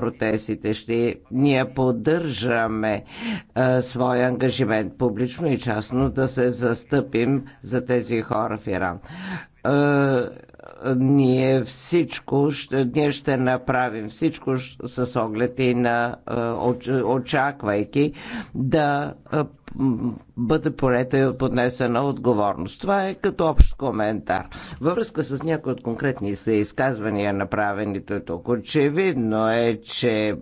протестите. Ще ние поддържаме а, своя ангажимент публично и частно да се застъпим за тези хора в Иран. А, ние всичко, ще, ние ще направим всичко с оглед и на очаквайки да бъде и поднесена отговорност. Това е като общ коментар. Във връзка с някои от конкретни изказвания, направените тук, очевидно е, че е,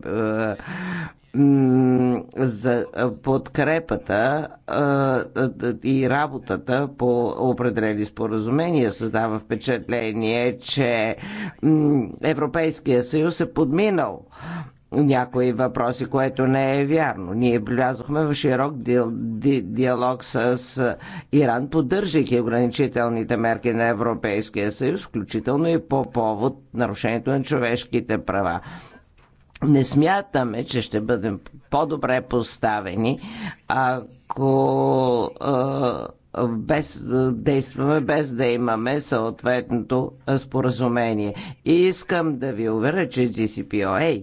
за подкрепата е, и работата по определени споразумения създава впечатление, че Европейския съюз е подминал някои въпроси, което не е вярно. Ние влязохме в широк диалог с Иран, поддържайки ограничителните мерки на Европейския съюз, включително и по повод нарушението на човешките права. Не смятаме, че ще бъдем по-добре поставени, ако без, действаме без да имаме съответното споразумение. И искам да ви уверя, че GCPOA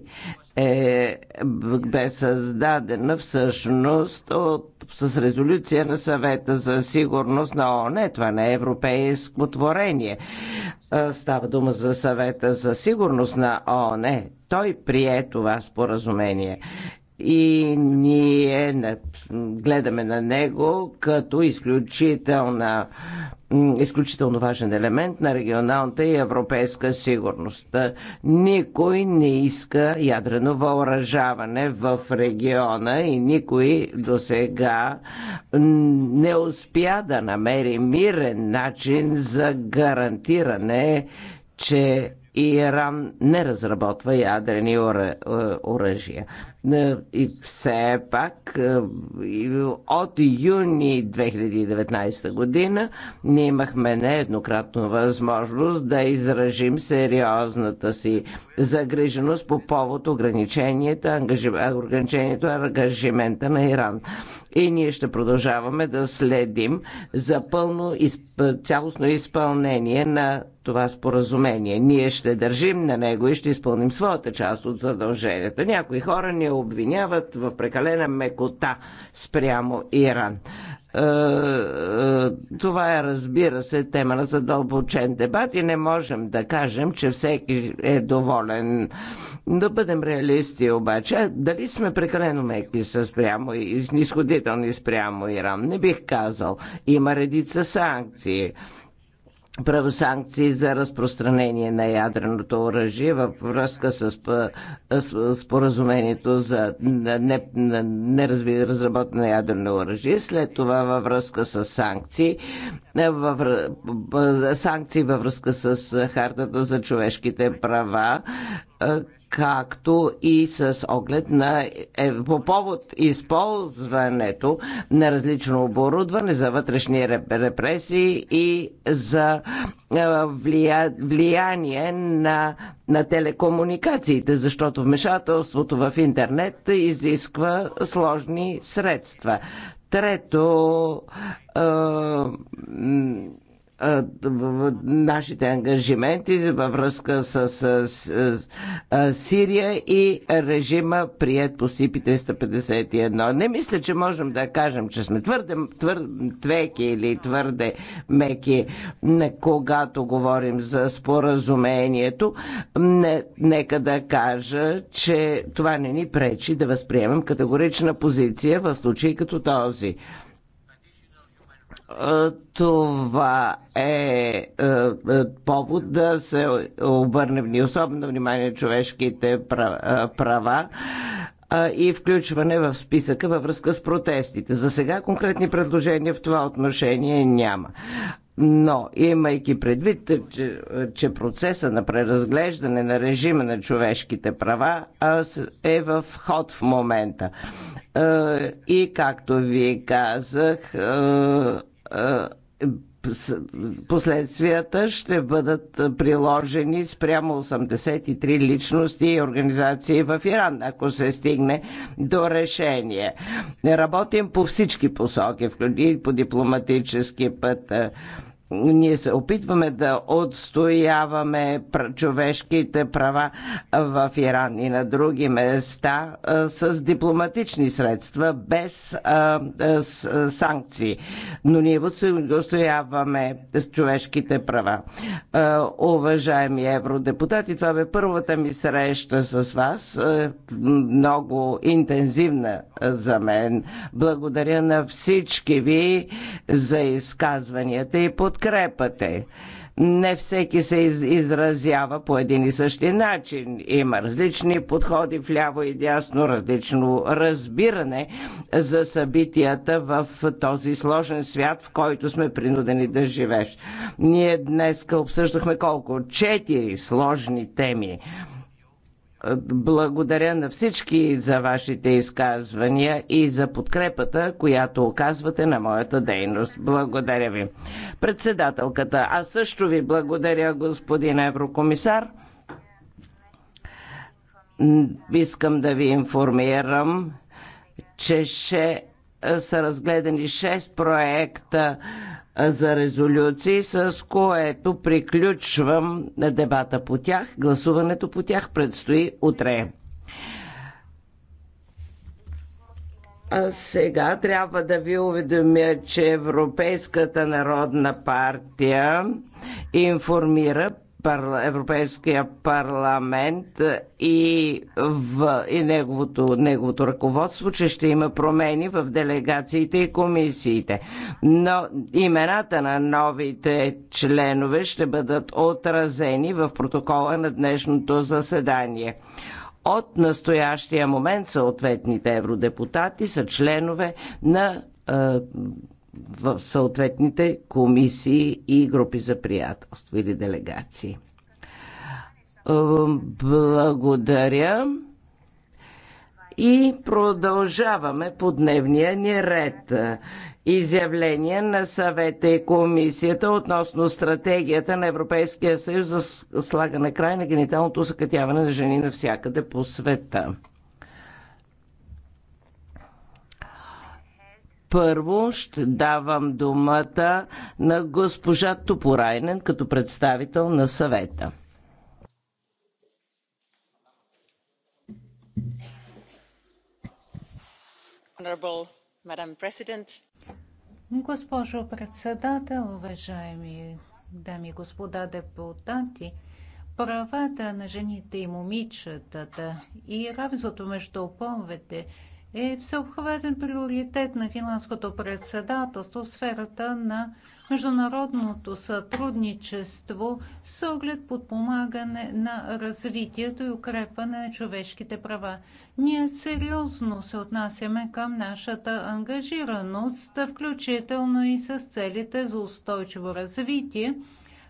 е, бе създадена всъщност от, с резолюция на съвета за сигурност на ООН. Това не е европейско творение. Става дума за съвета за сигурност на ООН. Той прие това споразумение и ние гледаме на него като изключителна изключително важен елемент на регионалната и европейска сигурност. Никой не иска ядрено въоръжаване в региона и никой до сега не успя да намери мирен начин за гарантиране, че Иран не разработва ядрени оръжия. И все пак от юни 2019 година не имахме нееднократно възможност да изражим сериозната си загриженост по повод ограниченията, ограничението ангажимента на Иран. И ние ще продължаваме да следим за пълно цялостно изпълнение на това споразумение. Ние ще държим на него и ще изпълним своята част от задълженията. Някои хора ни обвиняват в прекалена мекота спрямо Иран. Е, е, това е, разбира се, тема на задълбочен дебат и не можем да кажем, че всеки е доволен. Да бъдем реалисти обаче, дали сме прекалено меки спрямо и снисходителни спрямо Иран? Не бих казал. Има редица санкции правосанкции за разпространение на ядреното оръжие във връзка с споразумението за неразработено не, не ядрено оръжие, след това във връзка с санкции, във, санкции във връзка с Хартата за човешките права, както и с оглед на е, по повод използването на различно оборудване за вътрешни репресии и за е, влия, влияние на, на телекомуникациите, защото вмешателството в интернет изисква сложни средства. Трето, е, нашите ангажименти във връзка с, с, с Сирия и режима прият по СИПИ 351. Не мисля, че можем да кажем, че сме твърде, твърде твеки или твърде меки, когато говорим за споразумението. Не, нека да кажа, че това не ни пречи да възприемем категорична позиция в случай като този. Е, това е, е, е повод да се обърне особено внимание на човешките права и включване в списъка във връзка с протестите. За сега конкретни предложения в това отношение няма. Но, имайки предвид, че, че процеса на преразглеждане на режима на човешките права е в ход в момента. И, както ви казах, е, последствията ще бъдат приложени спрямо 83 личности и организации в Иран, ако се стигне до решение. Не работим по всички посоки, и по дипломатически път. Е, ние се опитваме да отстояваме човешките права в Иран и на други места с дипломатични средства, без санкции. Но ние отстояваме човешките права. Уважаеми евродепутати, това бе първата ми среща с вас. Много интензивна за мен. Благодаря на всички ви за изказванията и подкрепа подкрепате. Не всеки се изразява по един и същи начин. Има различни подходи в ляво и дясно, различно разбиране за събитията в този сложен свят, в който сме принудени да живееш. Ние днес обсъждахме колко? Четири сложни теми благодаря на всички за вашите изказвания и за подкрепата, която оказвате на моята дейност. Благодаря ви. Председателката, аз също ви благодаря, господин еврокомисар. Искам да ви информирам, че ще са разгледани 6 проекта за резолюции, с което приключвам дебата по тях. Гласуването по тях предстои утре. А сега трябва да ви уведомя, че Европейската народна партия информира парла, Европейския парламент и, в, и неговото, неговото ръководство, че ще има промени в делегациите и комисиите. Но имената на новите членове ще бъдат отразени в протокола на днешното заседание. От настоящия момент съответните евродепутати са членове на е, в съответните комисии и групи за приятелство или делегации. Е, благодаря. И продължаваме по дневния ни ред. Изявление на съвета и комисията относно стратегията на Европейския съюз за слагане край на гениталното съкътяване на жени навсякъде по света. Първо ще давам думата на госпожа Топорайнен като представител на съвета. Госпожо председател, уважаеми дами и господа депутати, правата на жените и момичетата и равенството между половете – е всеобхватен приоритет на финландското председателство в сферата на международното сътрудничество с оглед подпомагане на развитието и укрепване на човешките права. Ние сериозно се отнасяме към нашата ангажираност, включително и с целите за устойчиво развитие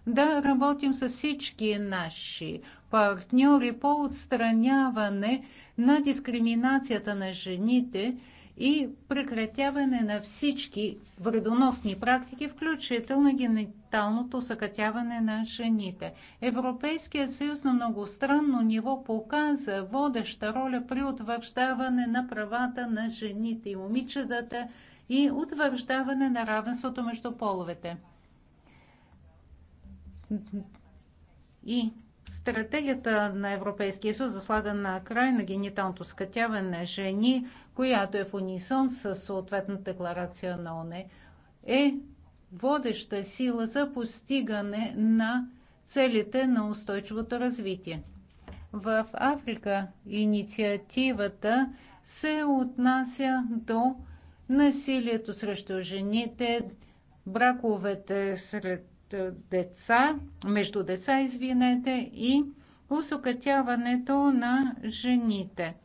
да работим с всички наши партньори по отстраняване на дискриминацията на жените и прекратяване на всички вредоносни практики, включително гениталното съкътяване на жените. Европейският съюз на многостранно ниво показа водеща роля при утвърждаване на правата на жените и момичетата и утвърждаване на равенството между половете. И стратегията на Европейския съюз за слагане на край на гениталното скътяване на жени, която е в унисон с съответната декларация на ОНЕ, е водеща сила за постигане на целите на устойчивото развитие. В Африка инициативата се отнася до насилието срещу жените, браковете сред е, деца, между деца, извинете, и усъкътяването на жените.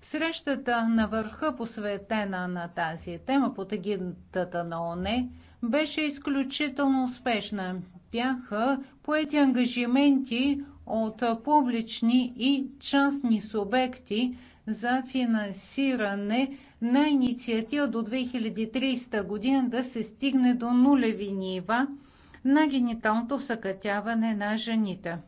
Срещата на върха, посветена на тази тема под егидата на ОНЕ, беше изключително успешна. Бяха поети ангажименти от публични и частни субекти за финансиране на инициатива до 2300 година да се стигне до нулеви нива на гениталното съкътяване на жените.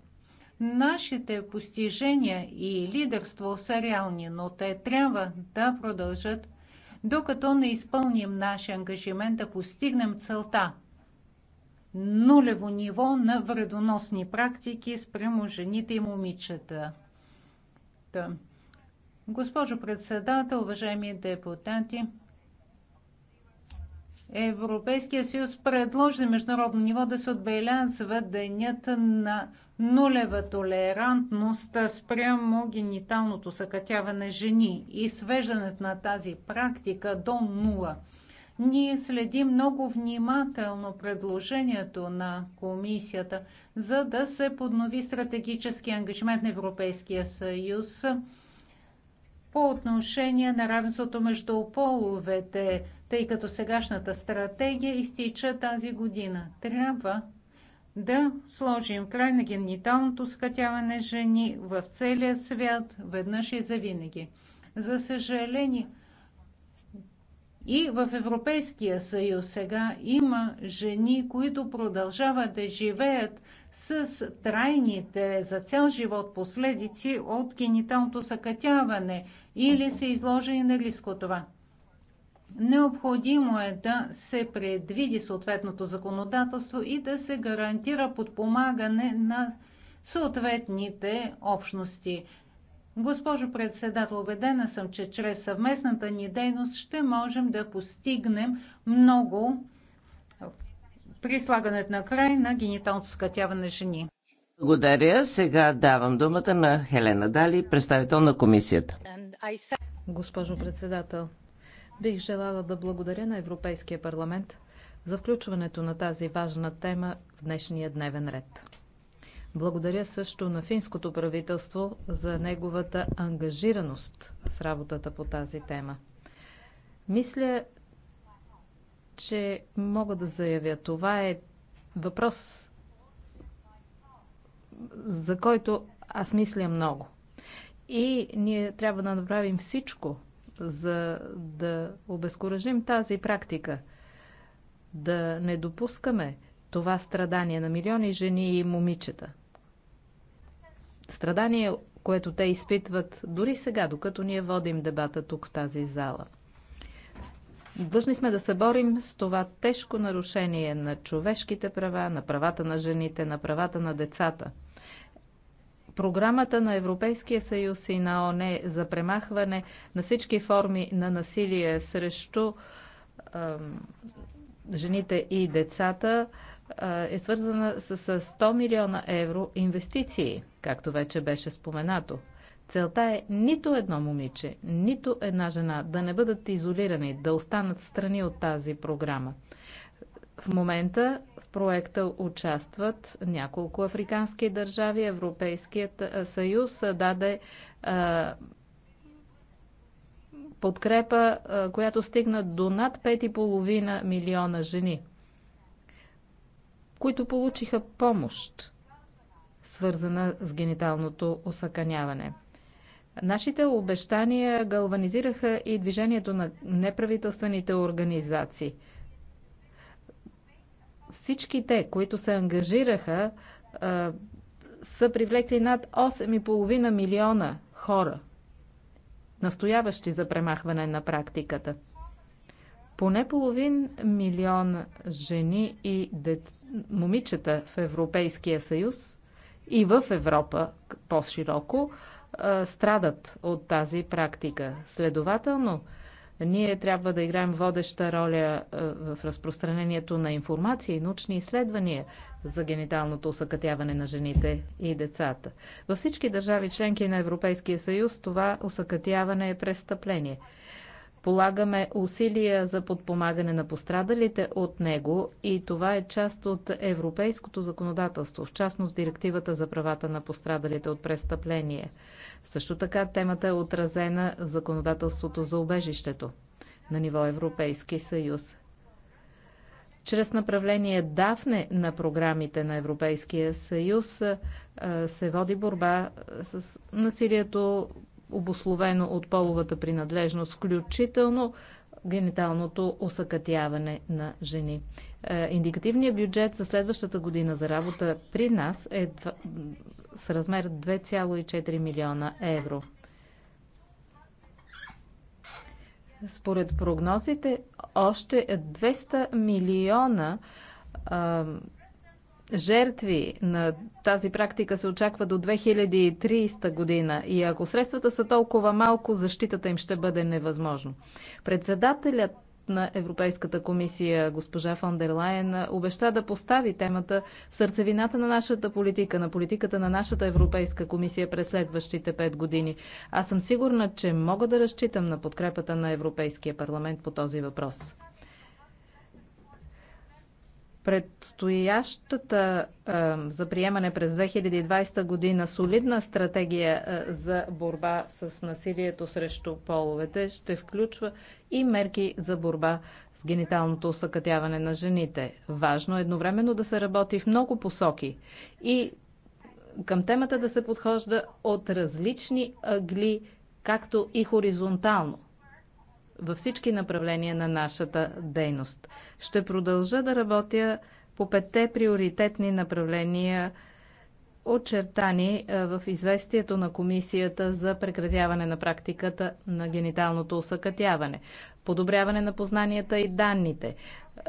Нашите постижения и лидерство са реални, но те трябва да продължат, докато не изпълним нашия ангажимент да постигнем целта нулево ниво на вредоносни практики спрямо жените и момичета. Госпожо председател, уважаеми депутати, Европейския съюз предложи международно ниво да се отбелязва денят на нулева толерантност спрямо гениталното съкътяване жени и свеждането на тази практика до нула. Ние следим много внимателно предложението на комисията, за да се поднови стратегически ангажимент на Европейския съюз – по отношение на равенството между половете, тъй като сегашната стратегия изтича тази година. Трябва да сложим край на гениталното скатяване жени в целия свят, веднъж и завинаги. За съжаление, и в Европейския съюз сега има жени, които продължават да живеят с трайните за цял живот последици от гениталното съкътяване – или са изложени на риск от това. Необходимо е да се предвиди съответното законодателство и да се гарантира подпомагане на съответните общности. Госпожо председател, убедена съм, че чрез съвместната ни дейност ще можем да постигнем много при слагането на край на гениталното скатяване на жени. Благодаря. Сега давам думата на Хелена Дали, представител на комисията. Госпожо председател, бих желала да благодаря на Европейския парламент за включването на тази важна тема в днешния дневен ред. Благодаря също на финското правителство за неговата ангажираност с работата по тази тема. Мисля, че мога да заявя, това е въпрос, за който аз мисля много. И ние трябва да направим всичко, за да обезкуражим тази практика, да не допускаме това страдание на милиони жени и момичета. Страдание, което те изпитват дори сега, докато ние водим дебата тук в тази зала. Длъжни сме да се борим с това тежко нарушение на човешките права, на правата на жените, на правата на децата – Програмата на Европейския съюз и на ОНЕ за премахване на всички форми на насилие срещу е, жените и децата е свързана с 100 милиона евро инвестиции, както вече беше споменато. Целта е нито едно момиче, нито една жена да не бъдат изолирани, да останат страни от тази програма. В момента проекта участват няколко африкански държави. Европейският съюз даде подкрепа, която стигна до над 5,5 милиона жени, които получиха помощ, свързана с гениталното осъканяване. Нашите обещания галванизираха и движението на неправителствените организации – всички те, които се ангажираха, са привлекли над 8,5 милиона хора, настояващи за премахване на практиката. Поне половин милион жени и дет... момичета в Европейския съюз и в Европа по-широко страдат от тази практика. Следователно, ние трябва да играем водеща роля е, в разпространението на информация и научни изследвания за гениталното усъкътяване на жените и децата. Във всички държави членки на Европейския съюз това усъкътяване е престъпление – Полагаме усилия за подпомагане на пострадалите от него и това е част от европейското законодателство, в частност директивата за правата на пострадалите от престъпление. Също така темата е отразена в законодателството за убежището на ниво Европейски съюз. Чрез направление ДАФНЕ на програмите на Европейския съюз се води борба с насилието обословено от половата принадлежност, включително гениталното осъкътяване на жени. Е, индикативният бюджет за следващата година за работа при нас е с размер 2,4 милиона евро. Според прогнозите, още 200 милиона жертви на тази практика се очаква до 2030 година и ако средствата са толкова малко, защитата им ще бъде невъзможно. Председателят на Европейската комисия госпожа фон дер Лайен обеща да постави темата сърцевината на нашата политика, на политиката на нашата Европейска комисия през следващите пет години. Аз съм сигурна, че мога да разчитам на подкрепата на Европейския парламент по този въпрос предстоящата за приемане през 2020 година солидна стратегия за борба с насилието срещу половете ще включва и мерки за борба с гениталното усъкътяване на жените. Важно е едновременно да се работи в много посоки и към темата да се подхожда от различни агли, както и хоризонтално във всички направления на нашата дейност. Ще продължа да работя по петте приоритетни направления, очертани е, в известието на Комисията за прекратяване на практиката на гениталното усъкътяване, подобряване на познанията и данните,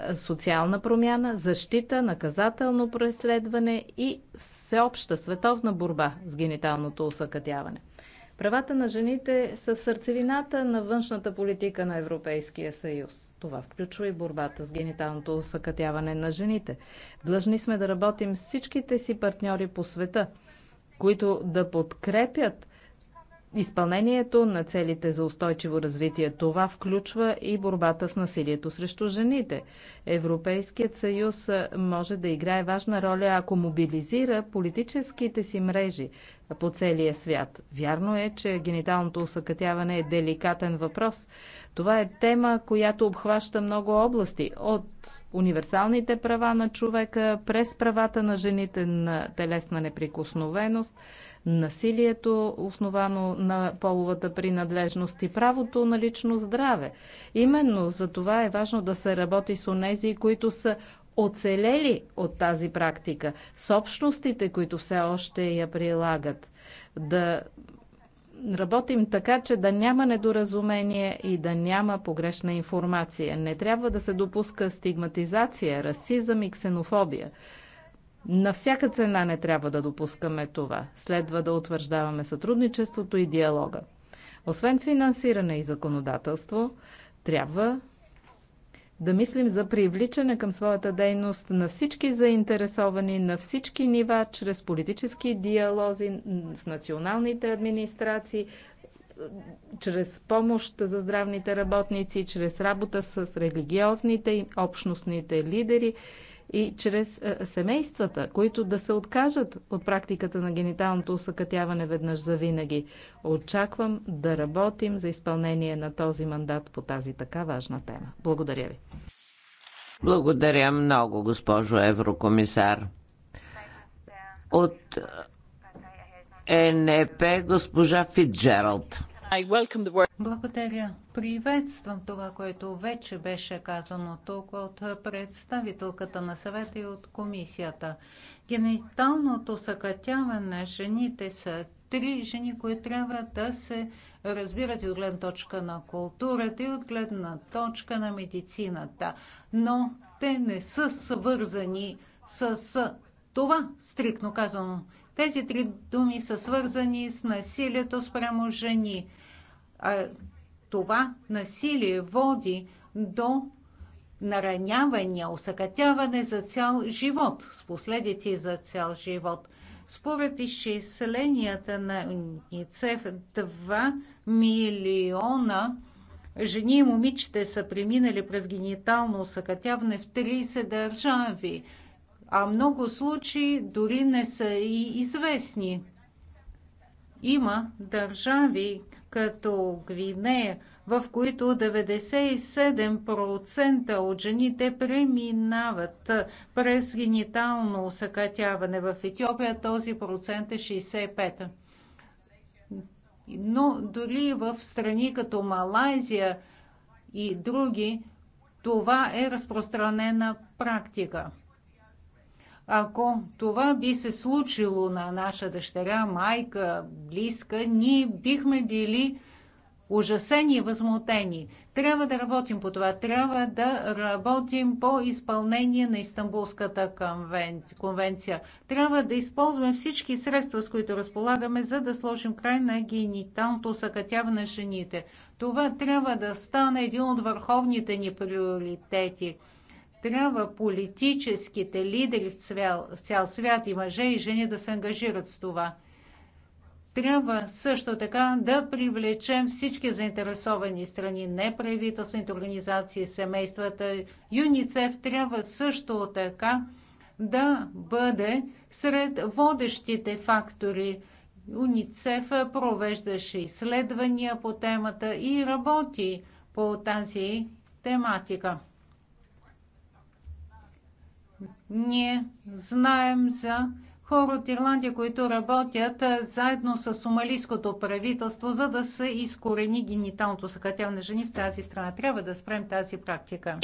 е, социална промяна, защита, наказателно преследване и всеобща световна борба с гениталното усъкътяване. Правата на жените са в сърцевината на външната политика на Европейския съюз. Това включва и борбата с гениталното усъкътяване на жените. Длъжни сме да работим с всичките си партньори по света, които да подкрепят изпълнението на целите за устойчиво развитие. Това включва и борбата с насилието срещу жените. Европейският съюз може да играе важна роля, ако мобилизира политическите си мрежи по целия свят. Вярно е, че гениталното усъкътяване е деликатен въпрос. Това е тема, която обхваща много области. От универсалните права на човека, през правата на жените на телесна неприкосновеност, насилието, основано на половата принадлежност и правото на лично здраве. Именно за това е важно да се работи с онези, които са оцелели от тази практика, с общностите, които все още я прилагат, да работим така, че да няма недоразумение и да няма погрешна информация. Не трябва да се допуска стигматизация, расизъм и ксенофобия. На всяка цена не трябва да допускаме това. Следва да утвърждаваме сътрудничеството и диалога. Освен финансиране и законодателство, трябва да мислим за привличане към своята дейност на всички заинтересовани, на всички нива, чрез политически диалози с националните администрации, чрез помощ за здравните работници, чрез работа с религиозните и общностните лидери, и чрез е, семействата, които да се откажат от практиката на гениталното усъкътяване веднъж за винаги. Очаквам да работим за изпълнение на този мандат по тази така важна тема. Благодаря ви. Благодаря много, госпожо еврокомисар. От ЕНП госпожа Фитджералд. Благодаря. Приветствам това, което вече беше казано тук от представителката на съвета и от комисията. Гениталното съкътяване на жените са три жени, които трябва да се разбират и от гледна точка на културата и от гледна точка на медицината. Но те не са свързани с това, стрикно казано. Тези три думи са свързани с насилието спрямо жени – а това насилие води до наранявания, усъкътяване за цял живот, с последици за цял живот. Според изчисленията на УНИЦЕФ, 2 милиона жени и момичета са преминали през генитално усъкътяване в 30 държави, а много случаи дори не са и известни. Има държави, като Гвинея, в които 97% от жените преминават през генитално усъкътяване. В Етиопия този процент е 65%. Но дори в страни като Малайзия и други, това е разпространена практика. Ако това би се случило на наша дъщеря, майка, близка, ние бихме били ужасени и възмутени. Трябва да работим по това. Трябва да работим по изпълнение на Истанбулската конвенция. Трябва да използваме всички средства, с които разполагаме, за да сложим край на гениталното съкътяване на жените. Това трябва да стане един от върховните ни приоритети. Трябва политическите лидери в цял, в цял свят и мъже и жени да се ангажират с това. Трябва също така да привлечем всички заинтересовани страни, неправителствените организации, семействата. ЮНИЦЕФ трябва също така да бъде сред водещите фактори. ЮНИЦЕФ провеждаше изследвания по темата и работи по тази тематика. Ние знаем за хора от Ирландия, които работят заедно с сомалийското правителство, за да се изкорени гениталното съкратяване на жени в тази страна. Трябва да спрем тази практика.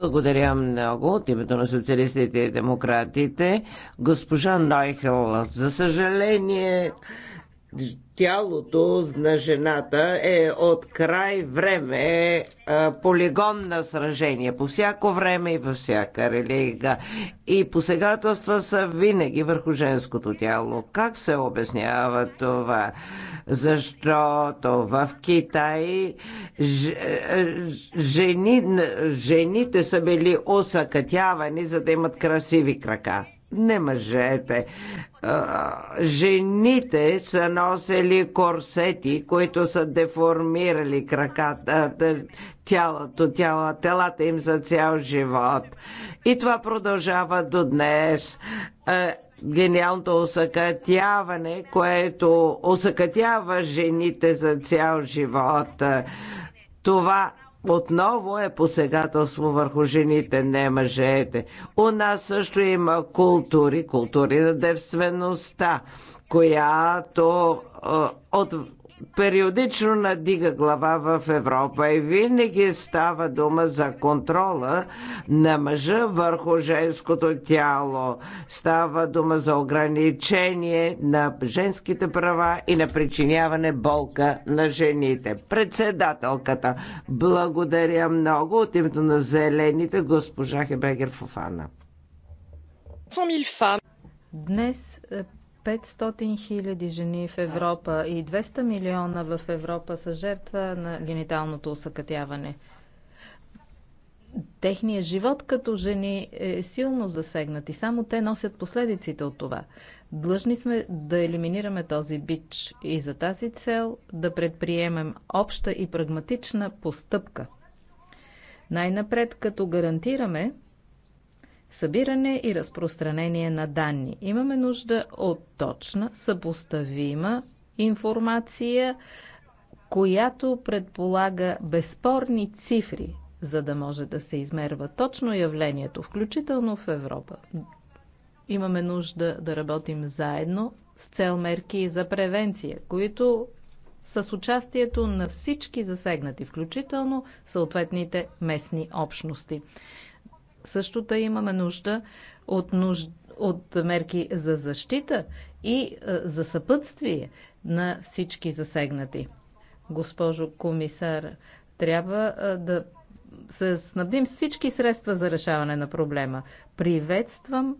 Благодаря много от името на социалистите и демократите. Госпожа Найхел, за съжаление, тялото на жената е от край време полигон на сражение по всяко време и във всяка религия. И посегателства са винаги върху женското тяло. Как се обяснява това? Защото в Китай е, жени, жените са били осъкътявани, за да имат красиви крака не мъжете. Жените са носили корсети, които са деформирали краката, тялото, тяло, телата им за цял живот. И това продължава до днес гениалното усъкътяване, което усъкътява жените за цял живот. Това отново е посегателство върху жените, не мъжете. У нас също има култури, култури на девствеността, която от периодично надига глава в Европа и винаги става дума за контрола на мъжа върху женското тяло. Става дума за ограничение на женските права и на причиняване болка на жените. Председателката, благодаря много от името на зелените госпожа Хебегер Фофана. Днес е, 500 хиляди жени в Европа и 200 милиона в Европа са жертва на гениталното усъкътяване. Техният живот като жени е силно засегнат и само те носят последиците от това. Длъжни сме да елиминираме този бич и за тази цел да предприемем обща и прагматична постъпка. Най-напред, като гарантираме, събиране и разпространение на данни. Имаме нужда от точна, съпоставима информация, която предполага безспорни цифри, за да може да се измерва точно явлението, включително в Европа. Имаме нужда да работим заедно с цел мерки за превенция, които с участието на всички засегнати, включително съответните местни общности. Също да имаме нужда от, нуж... от мерки за защита и е, за съпътствие на всички засегнати. Госпожо комисар, трябва е, да се снабдим всички средства за решаване на проблема. Приветствам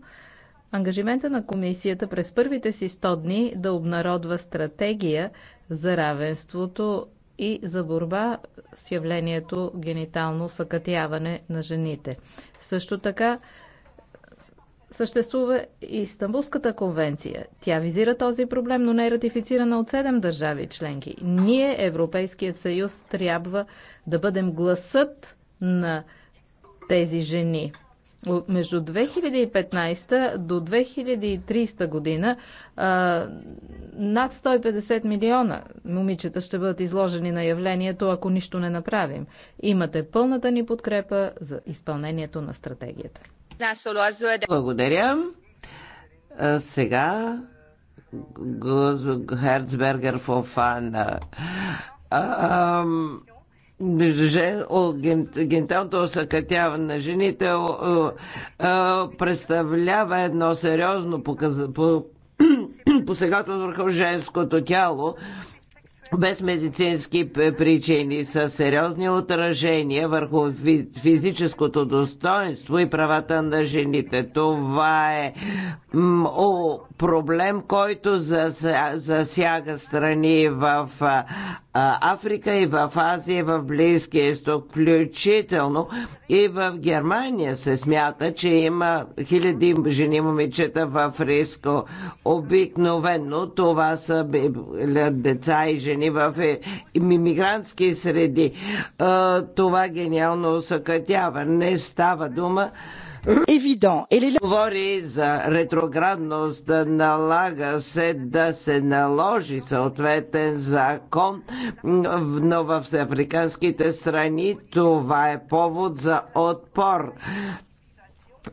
ангажимента на комисията през първите си 100 дни да обнародва стратегия за равенството и за борба с явлението генитално съкътяване на жените. Също така съществува и Истанбулската конвенция. Тя визира този проблем, но не е ратифицирана от 7 държави членки. Ние, Европейският съюз, трябва да бъдем гласът на тези жени между 2015 до 2030 година а, над 150 милиона момичета ще бъдат изложени на явлението, ако нищо не направим. Имате пълната ни подкрепа за изпълнението на стратегията. Благодаря. А, сега Гозо Херцбергер Фофана. А, между жен, генталното осъкътяване на жените представлява едно сериозно посегателство върху женското тяло без медицински причини са сериозни отражения върху физическото достоинство и правата на жените. Това е о, проблем, който засяга страни в Африка и в Азия, и в Близкия изток, включително и в Германия се смята, че има хиляди жени момичета в риско. Обикновено това са деца и жени родени в е, мигрантски среди. Това гениално Не става дума Evident. Говори за ретроградност, налага се да се наложи съответен закон, но в африканските страни това е повод за отпор.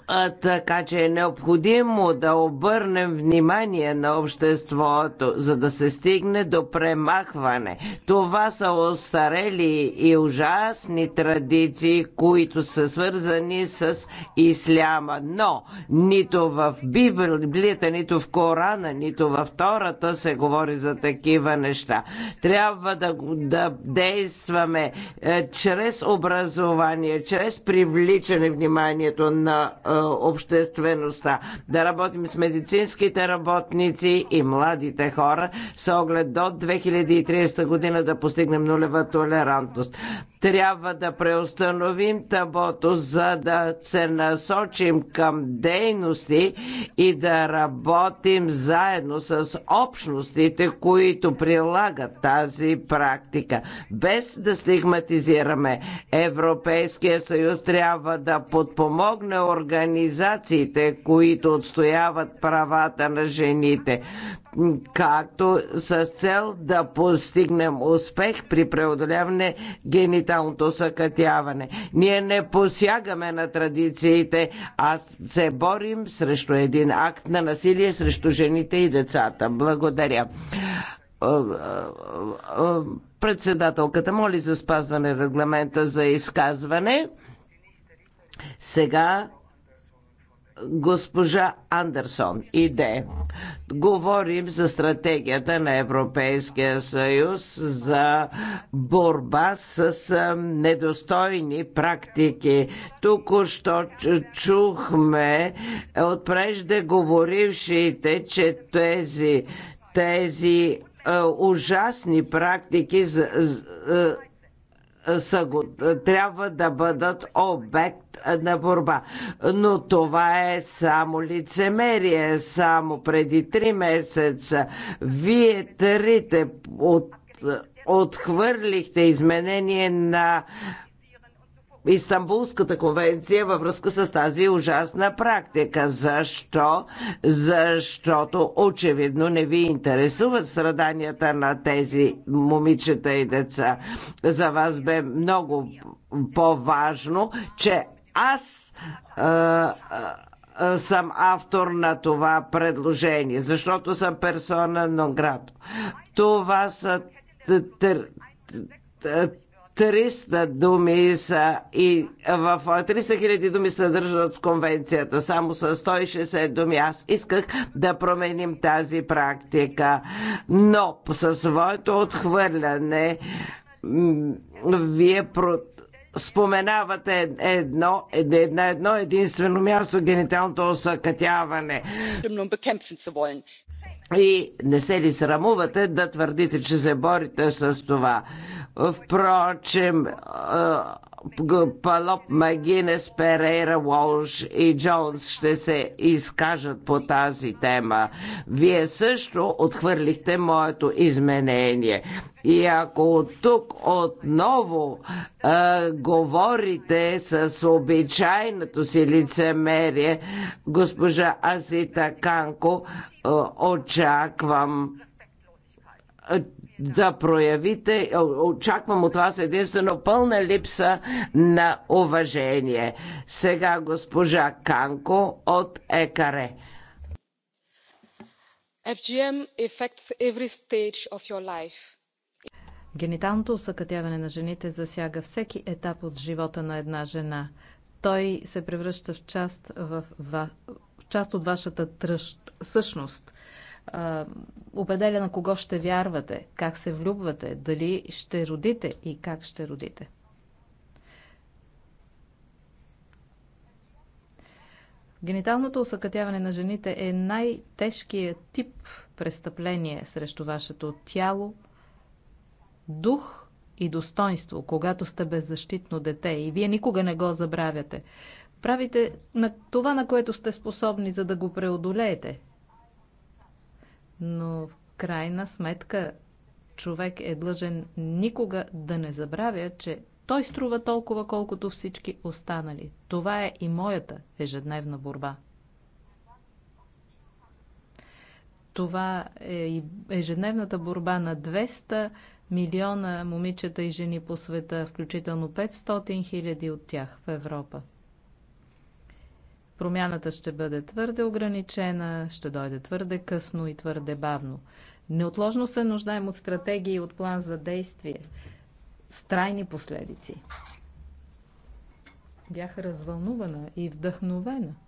А, така че е необходимо да обърнем внимание на обществото, за да се стигне до премахване. Това са остарели и ужасни традиции, които са свързани с исляма. Но нито в Библията, нито в Корана, нито във втората се говори за такива неща. Трябва да, да действаме е, чрез образование, чрез привличане вниманието на е, обществеността. Да работим с медицинските работници и младите хора с оглед до 2030 година да постигнем нулева толерантност. Трябва да преустановим табото, за да се насочим към дейности и да работим заедно с общностите, които прилагат тази практика. Без да стигматизираме, Европейския съюз трябва да подпомогне организациите, които отстояват правата на жените както с цел да постигнем успех при преодоляване гениталното капиталното съкътяване. Ние не посягаме на традициите, а се борим срещу един акт на насилие срещу жените и децата. Благодаря председателката моли за спазване регламента за изказване. Сега госпожа Андерсон иде. Говорим за стратегията на Европейския съюз за борба с недостойни практики. Тук-що чухме от преждеговорившите, че тези тези ужасни практики са, трябва да бъдат обект на борба. Но това е само лицемерие. Само преди три месеца вие трите от отхвърлихте изменение на Истанбулската конвенция във връзка с тази ужасна практика. Защо? Защото очевидно не ви интересуват страданията на тези момичета и деца. За вас бе много по-важно, че аз а, а, съм автор на това предложение, защото съм персона на град. Това са 300 думи са и в 300 хиляди думи съдържат в конвенцията, само с 160 думи. Аз исках да променим тази практика, но със своето отхвърляне вие про споменавате едно, едно единствено място гениталното осъкътяване. И не се ли срамувате да твърдите, че се борите с това? Впрочем, Палоп Магинес, Перейра, Уолш и Джонс ще се изкажат по тази тема. Вие също отхвърлихте моето изменение. И ако от тук отново а, говорите с обичайното си лицемерие, госпожа Азита Канко, а, очаквам да проявите, очаквам от вас единствено пълна липса на уважение. Сега госпожа Канко от ЕКАРЕ. FGM affects every stage of your life Гениталното усъкътяване на жените засяга всеки етап от живота на една жена. Той се превръща в част, в, в, в част от вашата тръщ, същност. А, определя на кого ще вярвате, как се влюбвате, дали ще родите и как ще родите. Гениталното усъкътяване на жените е най-тежкият тип престъпление срещу вашето тяло – дух и достоинство, когато сте беззащитно дете и вие никога не го забравяте. Правите на това, на което сте способни, за да го преодолеете. Но в крайна сметка човек е длъжен никога да не забравя, че той струва толкова, колкото всички останали. Това е и моята ежедневна борба. Това е и ежедневната борба на 200 милиона момичета и жени по света, включително 500 хиляди от тях в Европа. Промяната ще бъде твърде ограничена, ще дойде твърде късно и твърде бавно. Неотложно се нуждаем от стратегии и от план за действие с трайни последици. Бях развълнувана и вдъхновена –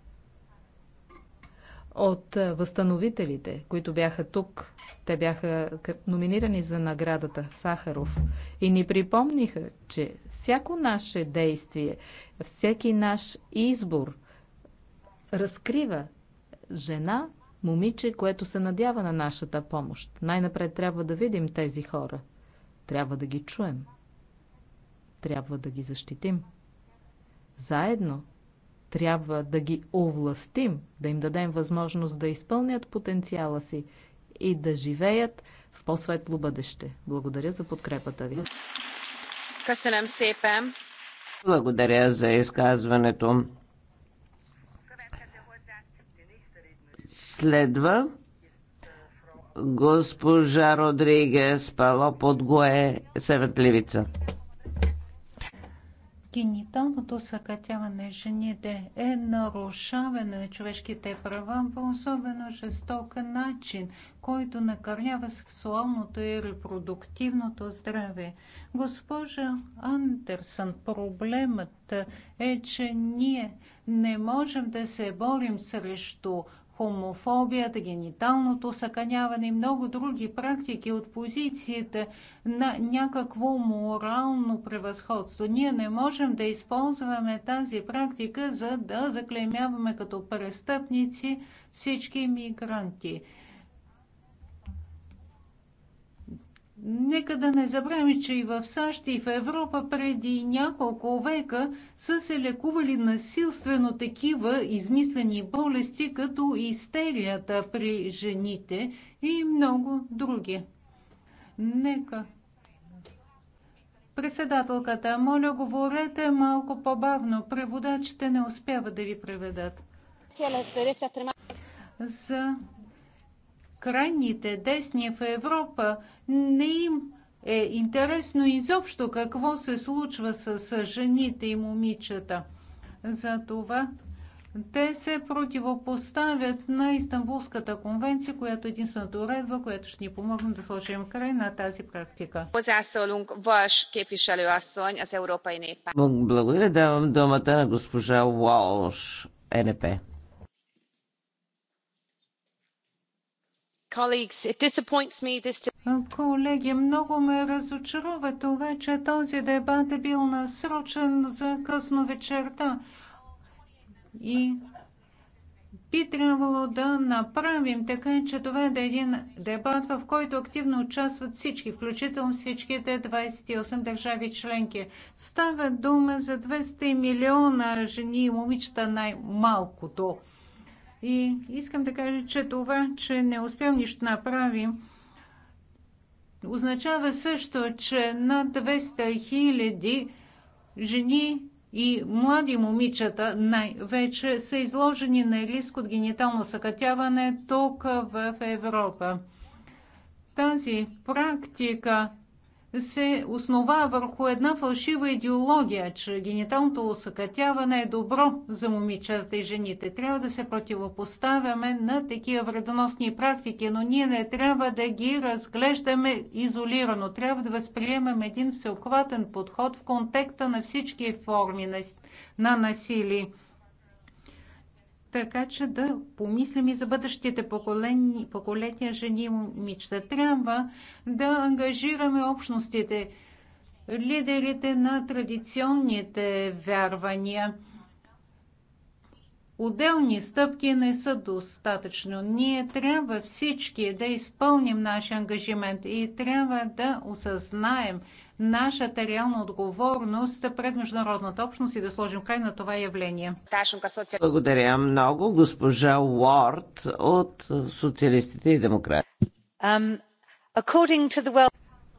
от е, възстановителите, които бяха тук. Те бяха номинирани за наградата Сахаров и ни припомниха, че всяко наше действие, всеки наш избор разкрива жена, момиче, което се надява на нашата помощ. Най-напред трябва да видим тези хора. Трябва да ги чуем. Трябва да ги защитим. Заедно трябва да ги овластим, да им дадем възможност да изпълнят потенциала си и да живеят в по-светло бъдеще. Благодаря за подкрепата ви. Благодаря за изказването. Следва госпожа Родригес Пало гое севетливица. Гениталното съкътяване жените е нарушаване на човешките права по особено жесток начин, който накърнява сексуалното и репродуктивното здраве. Госпожа Андерсън, проблемът е, че ние не можем да се борим срещу хомофобията, гениталното съканяване и много други практики от позицията на някакво морално превъзходство. Ние не можем да използваме тази практика, за да заклеймяваме като престъпници всички мигранти. Нека да не забравяме, че и в САЩ и в Европа преди няколко века са се лекували насилствено такива измислени болести, като истерията при жените и много други. Нека. Председателката, моля, говорете малко по-бавно. Преводачите не успяват да ви преведат. За крайните десни в Европа не им е интересно изобщо какво се случва с жените и момичета. Затова те се противопоставят на Истанбулската конвенция, която е единствената уредба, която ще ни помогне да сложим край на тази практика. Благодаря, давам думата на госпожа Уолш, НП. Колеги, много ме разочарова това, че този дебат е бил насрочен за късно вечерта. И би трябвало да направим така, че това да е един дебат, в който активно участват всички, включително всичките 28 държави членки. Става дума за 200 милиона жени и момичета най-малкото. И искам да кажа, че това, че не успям нищо направим, означава също, че над 200 хиляди жени и млади момичета най-вече са изложени на риск от генитално съкътяване тук в Европа. Тази практика се основа върху една фалшива идеология, че гениталното усъкътяване е добро за момичетата и жените. Трябва да се противопоставяме на такива вредоносни практики, но ние не трябва да ги разглеждаме изолирано. Трябва да възприемем един всеобхватен подход в контекста на всички форми на, на насилие така че да помислим и за бъдещите поколения, поколения жени и момичета. Трябва да ангажираме общностите, лидерите на традиционните вярвания. Отделни стъпки не са достатъчно. Ние трябва всички да изпълним нашия ангажимент и трябва да осъзнаем, нашата реална отговорност пред международната общност и да сложим край на това явление. Благодаря много, госпожа Уорд от Социалистите и Демократи. Um,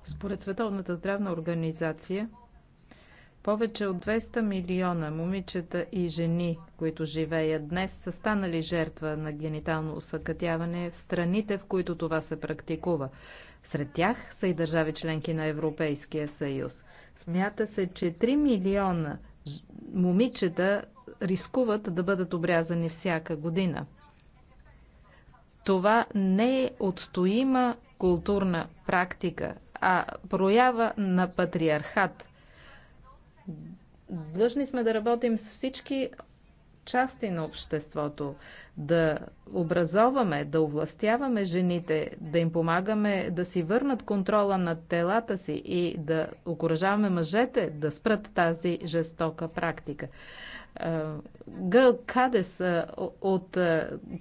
Според Световната здравна организация, повече от 200 милиона момичета и жени, които живеят днес, са станали жертва на генитално усъкътяване в страните, в които това се практикува. Сред тях са и държави членки на Европейския съюз. Смята се, че 3 милиона момичета рискуват да бъдат обрязани всяка година. Това не е отстоима културна практика, а проява на патриархат. Длъжни сме да работим с всички части на обществото, да образоваме, да овластяваме жените, да им помагаме да си върнат контрола над телата си и да окоръжаваме мъжете да спрат тази жестока практика. Гърл Кадес от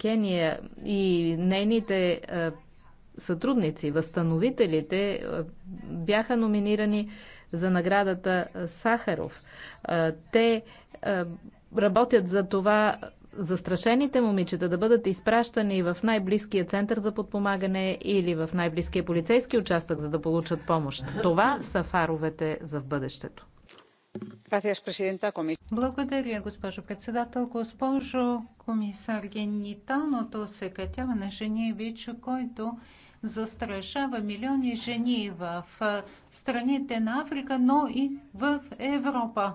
Кения и нейните сътрудници, възстановителите, бяха номинирани за наградата Сахаров. Те работят за това застрашените момичета да бъдат изпращани в най-близкия център за подпомагане или в най-близкия полицейски участък, за да получат помощ. Това са фаровете за в бъдещето. Благодаря, госпожо председател. Госпожо комисар, гениталното съкътяване жени и вич, който застрашава милиони жени в страните на Африка, но и в Европа.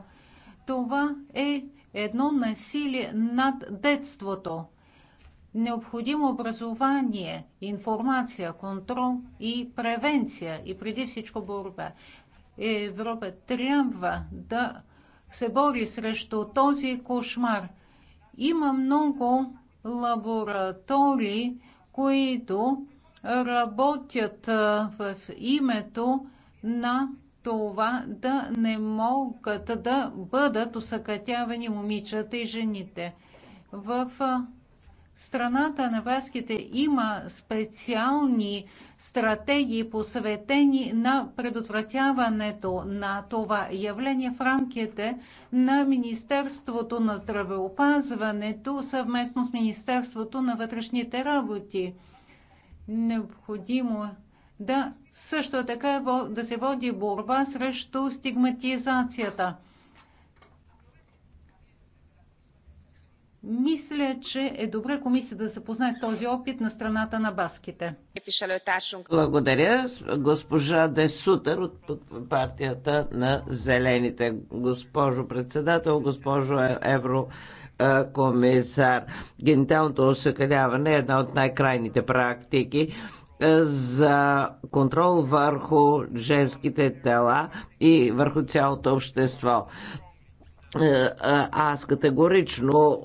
Това е едно насилие над детството. Необходимо образование, информация, контрол и превенция и преди всичко борба. Европа трябва да се бори срещу този кошмар. Има много лаборатории, които работят в името на това да не могат да бъдат усъкътявани момичета и жените. В страната на васките има специални стратегии, посветени на предотвратяването на това явление в рамките на Министерството на здравеопазването съвместно с Министерството на вътрешните работи. Необходимо е да също така да се води борба срещу стигматизацията. Мисля, че е добре комисията да се познае с този опит на страната на баските. Благодаря. Госпожа Десутър от партията на Зелените. Госпожо председател, госпожо е- Евро комисар. Генталното осъкаляване е една от най-крайните практики е, за контрол върху женските тела и върху цялото общество е, е, аз категорично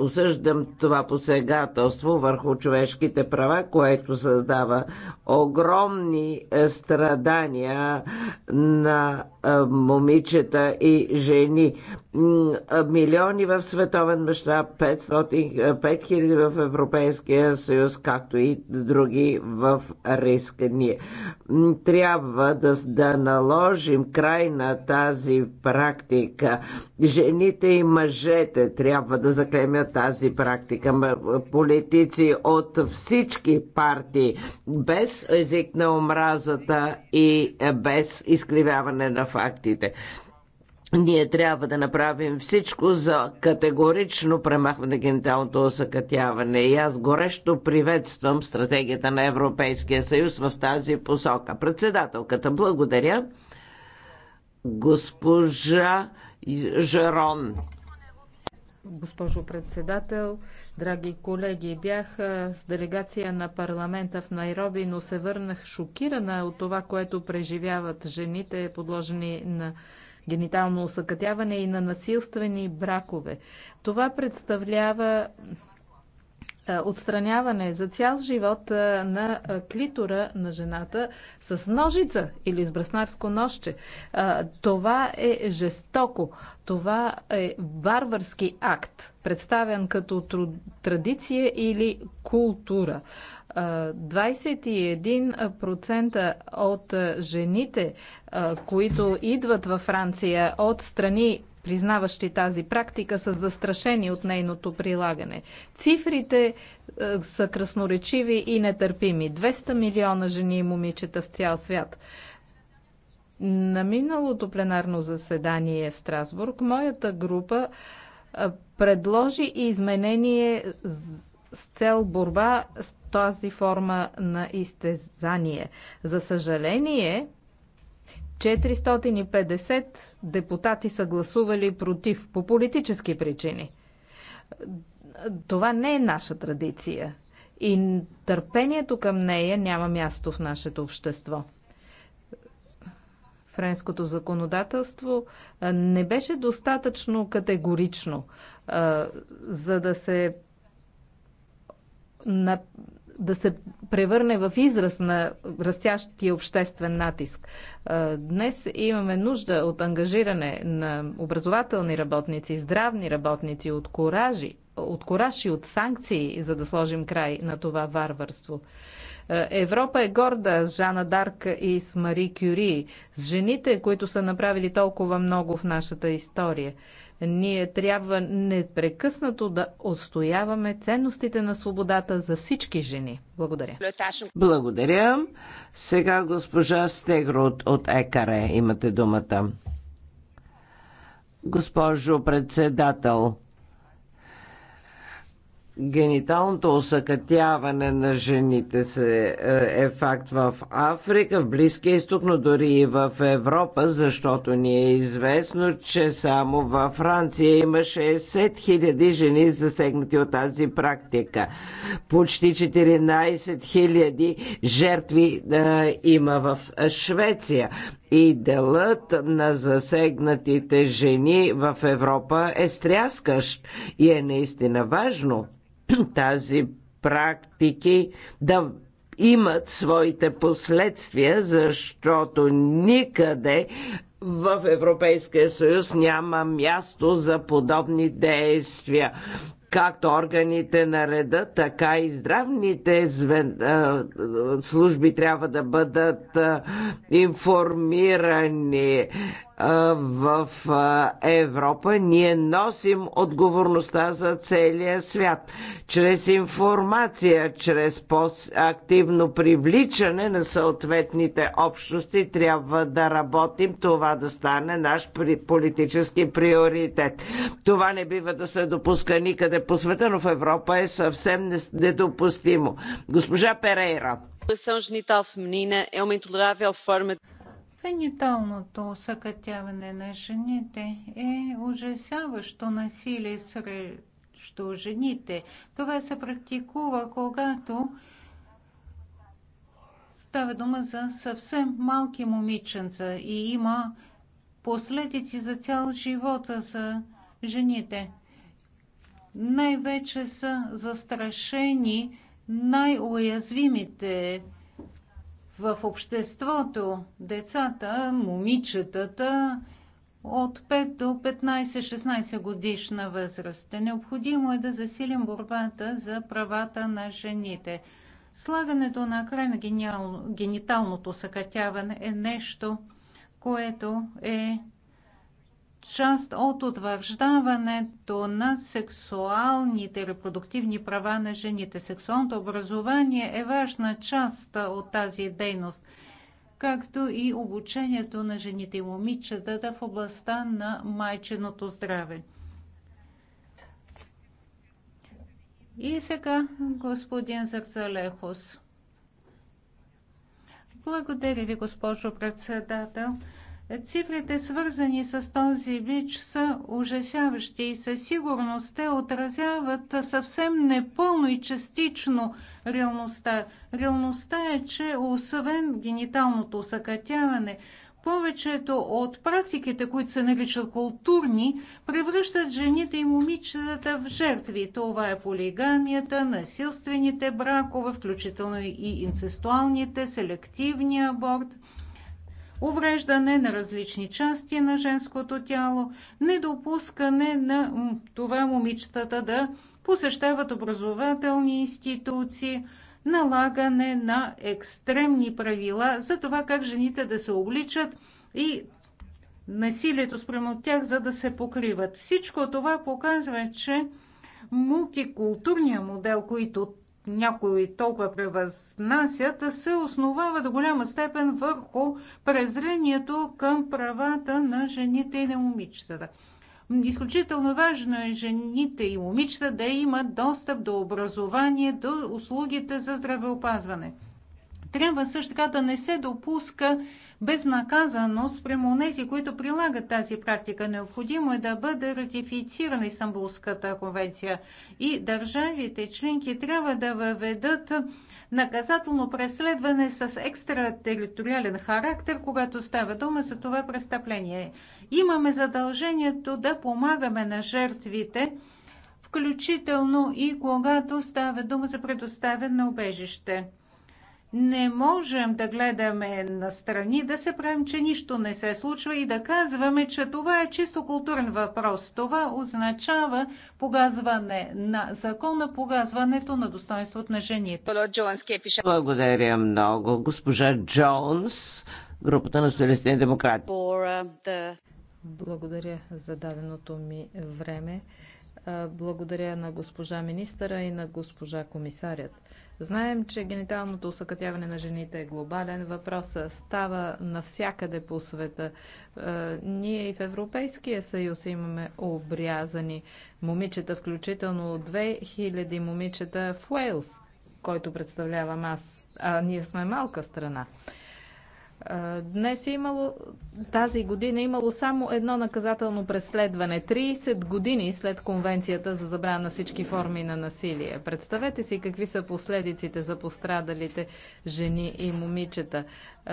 осъждам това посегателство върху човешките права, което създава огромни страдания на момичета и жени милиони в световен мащаб, 5 е, хиляди в Европейския съюз, както и други в риск. Ние трябва да, да наложим край на тази практика. Жените и мъжете трябва да заклемят тази практика. Политици от всички партии, без език на омразата и е, без изкривяване на фактите. Ние трябва да направим всичко за категорично премахване на генталното осъкътяване. И аз горещо приветствам стратегията на Европейския съюз в тази посока. Председателката, благодаря. Госпожа Жерон. Госпожо председател, драги колеги, бях с делегация на парламента в Найроби, но се върнах шокирана от това, което преживяват жените, подложени на генитално усъкътяване и на насилствени бракове. Това представлява отстраняване за цял живот на клитора на жената с ножица или с браснарско ножче. Това е жестоко. Това е варварски акт, представен като традиция или култура. 21% от жените, които идват във Франция от страни, признаващи тази практика, са застрашени от нейното прилагане. Цифрите са красноречиви и нетърпими. 200 милиона жени и момичета в цял свят. На миналото пленарно заседание в Страсбург моята група предложи изменение с цел борба с тази форма на изтезание. За съжаление, 450 депутати са гласували против по политически причини. Това не е наша традиция и търпението към нея няма място в нашето общество. Френското законодателство не беше достатъчно категорично, за да се да се превърне в израз на растящия обществен натиск. Днес имаме нужда от ангажиране на образователни работници, здравни работници, от коражи, от кораж и от санкции, за да сложим край на това варварство. Европа е горда с Жана Дарк и с Мари Кюри, с жените, които са направили толкова много в нашата история. Ние трябва непрекъснато да отстояваме ценностите на свободата за всички жени. Благодаря. Благодаря. Сега госпожа Стегрот от ЕКАРЕ. Имате думата. Госпожо председател, Гениталното осъкътяване на жените се е, е факт в Африка, в Близкия изток, но дори и в Европа, защото ни е известно, че само във Франция има 60 000 жени засегнати от тази практика. Почти 14 000 жертви е, има в Швеция и делът на засегнатите жени в Европа е стряскащ и е наистина важно тази практики да имат своите последствия, защото никъде в Европейския съюз няма място за подобни действия както органите на реда, така и здравните звен, служби трябва да бъдат информирани в Европа, ние носим отговорността за целия свят. Чрез информация, чрез по-активно привличане на съответните общности трябва да работим това да стане наш политически приоритет. Това не бива да се допуска никъде по света, но в Европа е съвсем недопустимо. Госпожа Перейра. Фениталното съкътяване на жените е ужасяващо насилие срещу жените. Това се практикува, когато става дума за съвсем малки момиченца и има последици за цял живот за жените. Най-вече са застрашени най-уязвимите в обществото децата, момичетата от 5 до 15-16 годишна възраст. Необходимо е да засилим борбата за правата на жените. Слагането на край на гениал... гениталното съкътяване е нещо, което е част от утвърждаването на сексуалните и репродуктивни права на жените. Сексуалното образование е важна част от тази дейност, както и обучението на жените и момичетата в областта на майченото здраве. И сега господин Зарцалехос. Благодаря ви, госпожо председател. Цифрите, свързани с този бич, са ужасяващи и със сигурност те отразяват съвсем непълно и частично реалността. Реалността е, че освен гениталното усъкътяване, повечето от практиките, които се наричат културни, превръщат жените и момичетата в жертви. Това е полигамията, насилствените бракове, включително и инцестуалните, селективния аборт – увреждане на различни части на женското тяло, недопускане на това момичетата да посещават образователни институции, налагане на екстремни правила за това как жените да се обличат и насилието спрямо тях, за да се покриват. Всичко това показва, че мултикултурният модел, който някои толкова превъзнасят, се основава до голяма степен върху презрението към правата на жените и на момичетата. Изключително важно е жените и момичета да имат достъп до образование, до услугите за здравеопазване. Трябва също така да не се допуска безнаказано спрямо тези, които прилагат тази практика. Необходимо е да бъде ратифицирана Истанбулската конвенция и държавите членки трябва да въведат наказателно преследване с екстратериториален характер, когато става дума за това престъпление. Имаме задължението да помагаме на жертвите, включително и когато става дума за предоставяне на убежище. Не можем да гледаме настрани, да се правим, че нищо не се случва и да казваме, че това е чисто културен въпрос. Това означава погазване на закона, погазването на достоинството на жените. Благодаря много. Госпожа Джонс, групата на Социалистите демократи. Благодаря за даденото ми време. Благодаря на госпожа министъра и на госпожа комисарят. Знаем, че гениталното усъкътяване на жените е глобален въпрос. Става навсякъде по света. Е, ние и в Европейския съюз имаме обрязани момичета, включително 2000 момичета в Уейлс, който представлявам аз. А ние сме малка страна. Днес е имало, тази година е имало само едно наказателно преследване. 30 години след Конвенцията за забрана на всички форми на насилие. Представете си какви са последиците за пострадалите жени и момичета.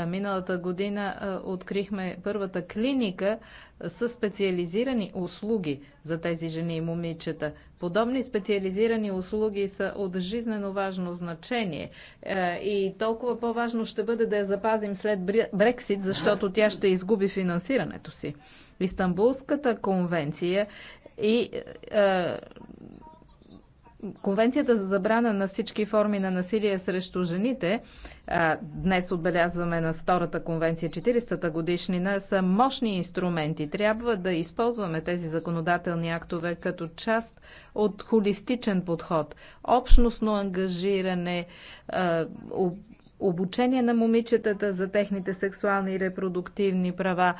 Миналата година открихме първата клиника с специализирани услуги за тези жени и момичета. Подобни специализирани услуги са от жизнено важно значение и толкова по-важно ще бъде да я запазим след Брексит, защото тя ще изгуби финансирането си. Истанбулската конвенция и Конвенцията за забрана на всички форми на насилие срещу жените, днес отбелязваме на втората конвенция 40-та годишнина, са мощни инструменти. Трябва да използваме тези законодателни актове като част от холистичен подход, общностно ангажиране, обучение на момичетата за техните сексуални и репродуктивни права,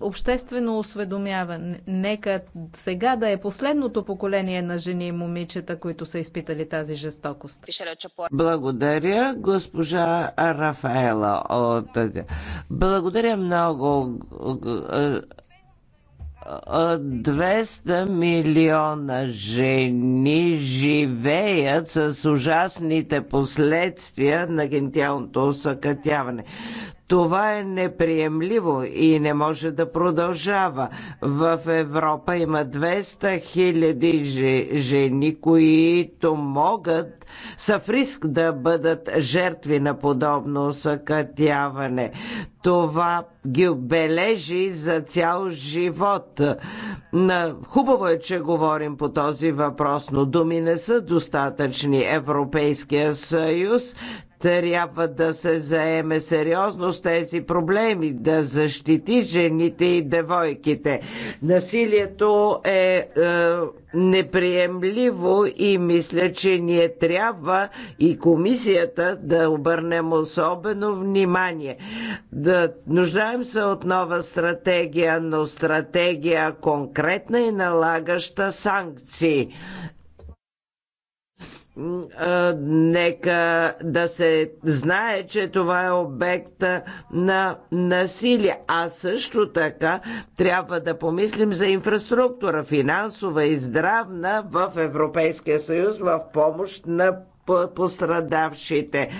обществено осведомяване. Нека сега да е последното поколение на жени и момичета, които са изпитали тази жестокост. Благодаря, госпожа Рафаела. От... Благодаря много, 200 милиона жени живеят с ужасните последствия на гентиалното усъкътяване. Това е неприемливо и не може да продължава. В Европа има 200 хиляди жени, които могат, са в риск да бъдат жертви на подобно съкътяване. Това ги бележи за цял живот. Хубаво е, че говорим по този въпрос, но думи не са достатъчни. Европейския съюз трябва да се заеме сериозно с тези проблеми, да защити жените и девойките. Насилието е, е неприемливо и мисля, че ние трябва и комисията да обърнем особено внимание. Да нуждаем се от нова стратегия, но стратегия конкретна и налагаща санкции нека да се знае, че това е обект на насилие. А също така трябва да помислим за инфраструктура, финансова и здравна в Европейския съюз в помощ на пострадавшите.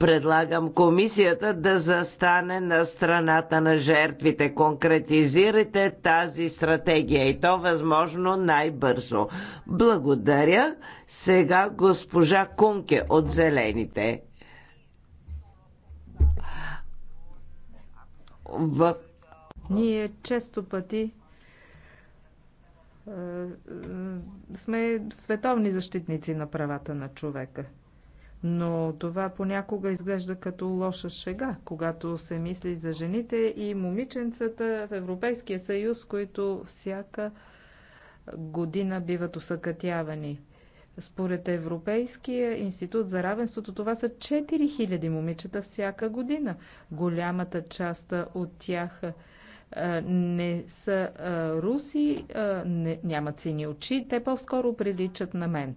Предлагам комисията да застане на страната на жертвите. Конкретизирайте тази стратегия и то възможно най-бързо. Благодаря. Сега госпожа Кунке от Зелените. В... Ние често пъти е, сме световни защитници на правата на човека. Но това понякога изглежда като лоша шега, когато се мисли за жените и момиченцата в Европейския съюз, които всяка година биват усъкътявани. Според Европейския институт за равенството това са 4000 момичета всяка година. Голямата част от тях не са руси, не, нямат сини очи, те по-скоро приличат на мен.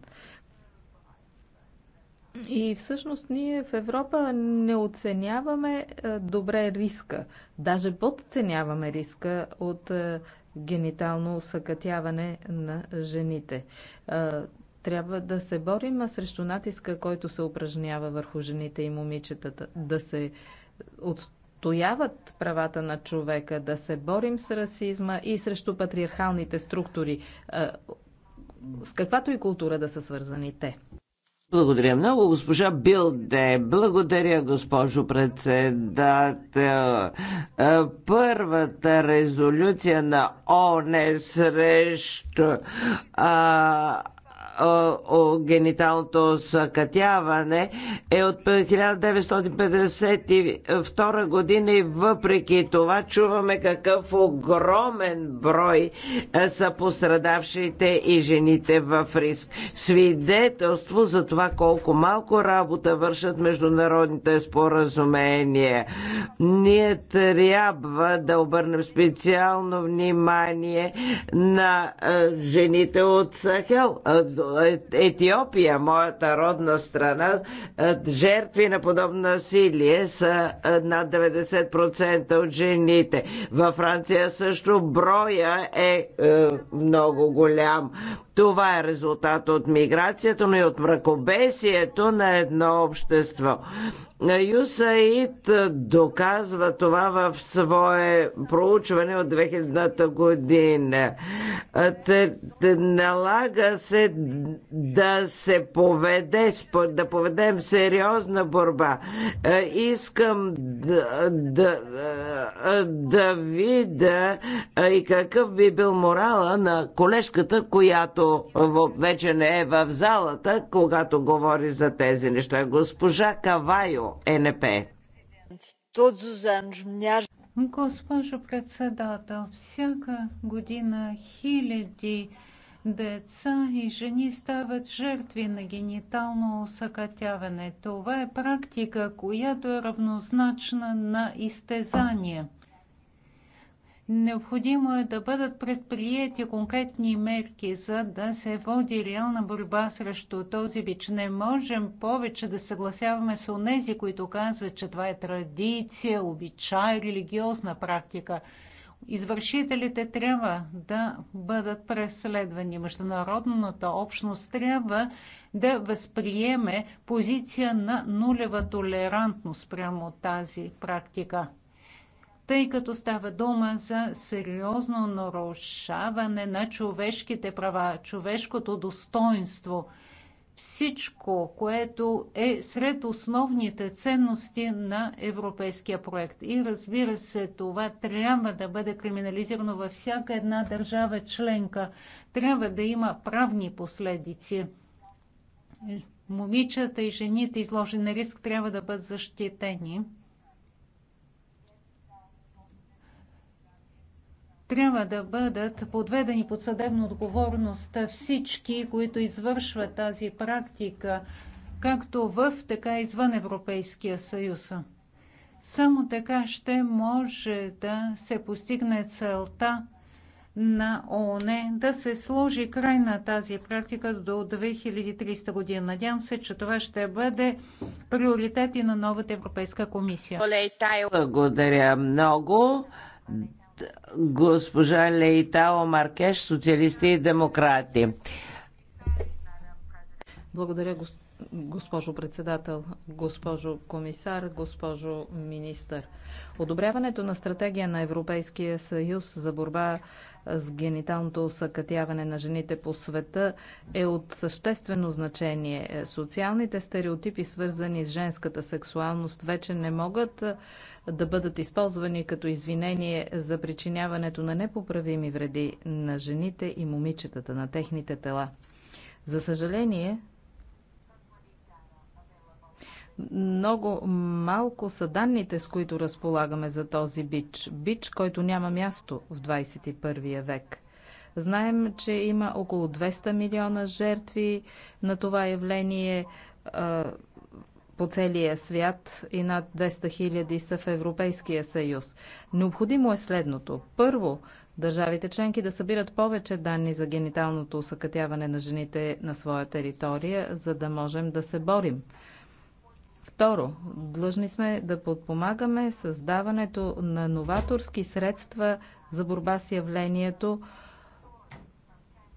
И всъщност ние в Европа не оценяваме е, добре риска. Даже подценяваме риска от е, генитално съкътяване на жените. Е, трябва да се борим срещу натиска, който се упражнява върху жените и момичетата. Да се отстояват правата на човека, да се борим с расизма и срещу патриархалните структури, с каквато и култура да са свързани те. Благодаря много, госпожа Билде. Благодаря, госпожо председател. Е, първата резолюция на ОНЕ срещу а, гениталното съкътяване е от 1952 година и въпреки това чуваме какъв огромен брой са пострадавшите и жените в риск. Свидетелство за това колко малко работа вършат международните споразумения. Ние трябва да обърнем специално внимание на жените от Сахел е- Етиопия, моята родна страна, е, жертви на подобно насилие са е, над 90% от жените. Във Франция също броя е много голям. Това е резултат от миграцията, но и от мракобесието на едно общество. Юсаид доказва това в свое проучване от 2000-та година. налага се да се поведе, да поведем сериозна борба. Е, искам да, да, е, да видя е, и какъв би бил морала на колежката, която вече не е в залата, когато говори за тези неща. Госпожа Кавайо, НП. Госпожо председател, всяка година хиляди деца и жени стават жертви на генитално усъкътяване. Това е практика, която е равнозначна на изтезание – Необходимо е да бъдат предприяти конкретни мерки, за да се води реална борба срещу този бич. Не можем повече да съгласяваме с онези, които казват, че това е традиция, обичай, религиозна практика. Извършителите трябва да бъдат преследвани. Международната общност трябва да възприеме позиция на нулева толерантност прямо тази практика тъй като става дума за сериозно нарушаване на човешките права, човешкото достоинство, всичко, което е сред основните ценности на европейския проект. И разбира се, това трябва да бъде криминализирано във всяка една държава членка. Трябва да има правни последици. Момичета и жените, изложени на риск, трябва да бъдат защитени. трябва да бъдат подведени под съдебна отговорност всички, които извършват тази практика, както в, така и извън Европейския съюз. Само така ще може да се постигне целта на ООН да се сложи край на тази практика до 2300 година. Надявам се, че това ще бъде приоритет и на новата Европейска комисия. Благодаря много госпожа Лейтао Маркеш, социалисти и демократи. Благодаря, господин госпожо председател, госпожо комисар, госпожо министър. Одобряването на стратегия на Европейския съюз за борба с гениталното усъкътяване на жените по света е от съществено значение. Социалните стереотипи, свързани с женската сексуалност, вече не могат да бъдат използвани като извинение за причиняването на непоправими вреди на жените и момичетата, на техните тела. За съжаление, много малко са данните, с които разполагаме за този бич. Бич, който няма място в 21 век. Знаем, че има около 200 милиона жертви на това явление по целия свят и над 200 хиляди са в Европейския съюз. Необходимо е следното. Първо, държавите членки да събират повече данни за гениталното усъкътяване на жените на своя територия, за да можем да се борим Второ, длъжни сме да подпомагаме създаването на новаторски средства за борба с явлението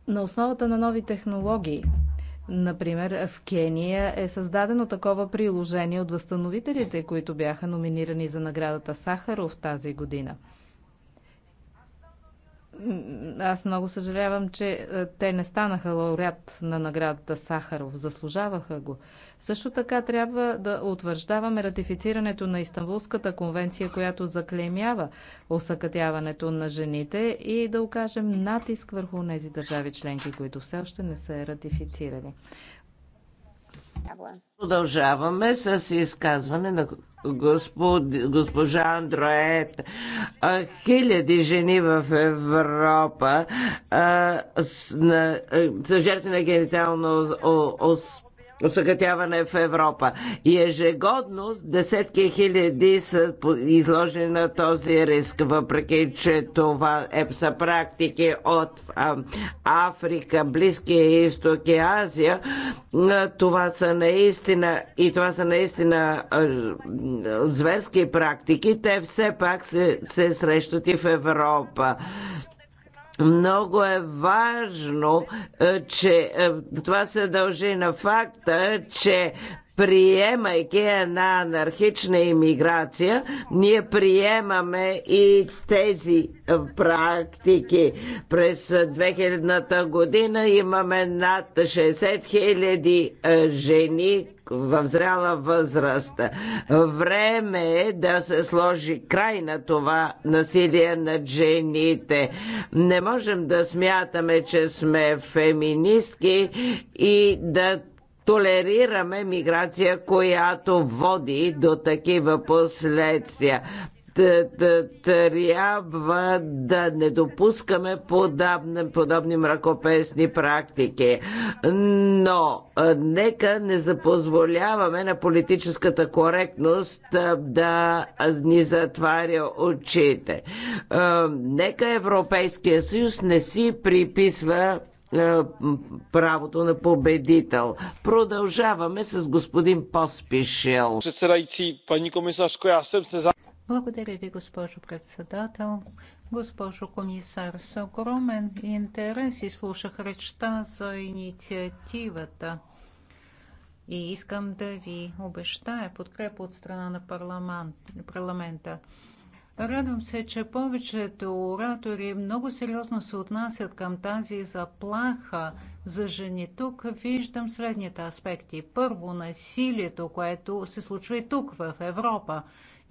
на основата на нови технологии. Например, в Кения е създадено такова приложение от възстановителите, които бяха номинирани за наградата Сахаров тази година. Аз много съжалявам, че е, те не станаха лауреат на наградата Сахаров. Заслужаваха го. Също така трябва да утвърждаваме ратифицирането на Истанбулската конвенция, която заклеймява осъкътяването на жените и да окажем натиск върху тези държави членки, които все още не са ратифицирали. Продължаваме с изказване на господ, госпожа Андроет. Хиляди жени в Европа а, с, на, са жертви на генитално осъгътяване в Европа. И ежегодно десетки хиляди са изложени на този риск, въпреки че това е са практики от а, Африка, Близкия изток и Азия. Това са наистина и това са наистина а, зверски практики. Те все пак се, се срещат и в Европа. Много е важно, е, че е, това се дължи на факта, че приемайки една анархична иммиграция, ние приемаме и тези е, практики. През 2000-та година имаме над 60 000 жени, в зряла възраст. Време е да се сложи край на това насилие над жените. Не можем да смятаме, че сме феминистки и да толерираме миграция, която води до такива последствия трябва да не допускаме подобни, подобни мракопесни практики. Но нека не запозволяваме на политическата коректност да ни затваря очите. Нека Европейския съюз не си приписва правото на победител. Продължаваме с господин Поспишел. Председайци, пани комисарско, аз съм се благодаря ви, госпожо председател. Госпожо комисар, с огромен интерес и слушах речта за инициативата. И искам да ви обещая подкрепа от страна на парламент, парламента. Радвам се, че повечето оратори много сериозно се отнасят към тази заплаха за жени. Тук виждам следните аспекти. Първо, насилието, което се случва и тук в Европа.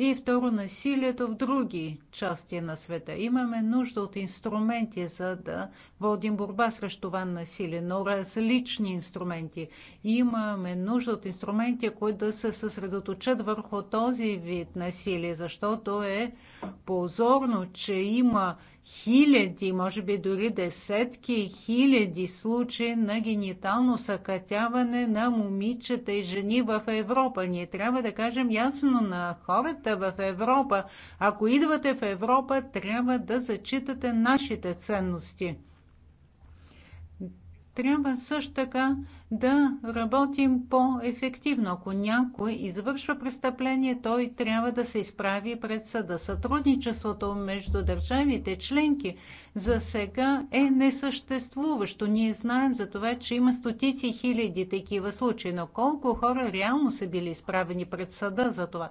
И второ, насилието в други части на света. Имаме нужда от инструменти, за да водим борба срещу това насилие, но различни инструменти. Имаме нужда от инструменти, които да се съсредоточат върху този вид насилие, защото е позорно, че има хиляди, може би дори десетки хиляди случаи на генитално съкътяване на момичета и жени в Европа. Ние трябва да кажем ясно на хората в Европа, ако идвате в Европа, трябва да зачитате нашите ценности. Трябва също така да работим по-ефективно. Ако някой извършва престъпление, той трябва да се изправи пред съда. Сътрудничеството между държавите членки за сега е несъществуващо. Ние знаем за това, че има стотици хиляди такива случаи, но колко хора реално са били изправени пред съда за това?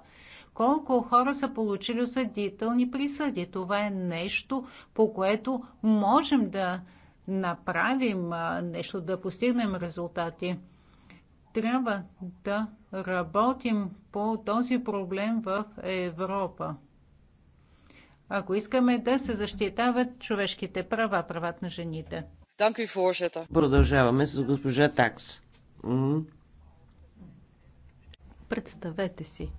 колко хора са получили осъдителни присъди. Това е нещо, по което можем да направим нещо, да постигнем резултати. Трябва да работим по този проблем в Европа. Ако искаме да се защитават човешките права, правата на жените. Продължаваме с госпожа Такс. Представете си,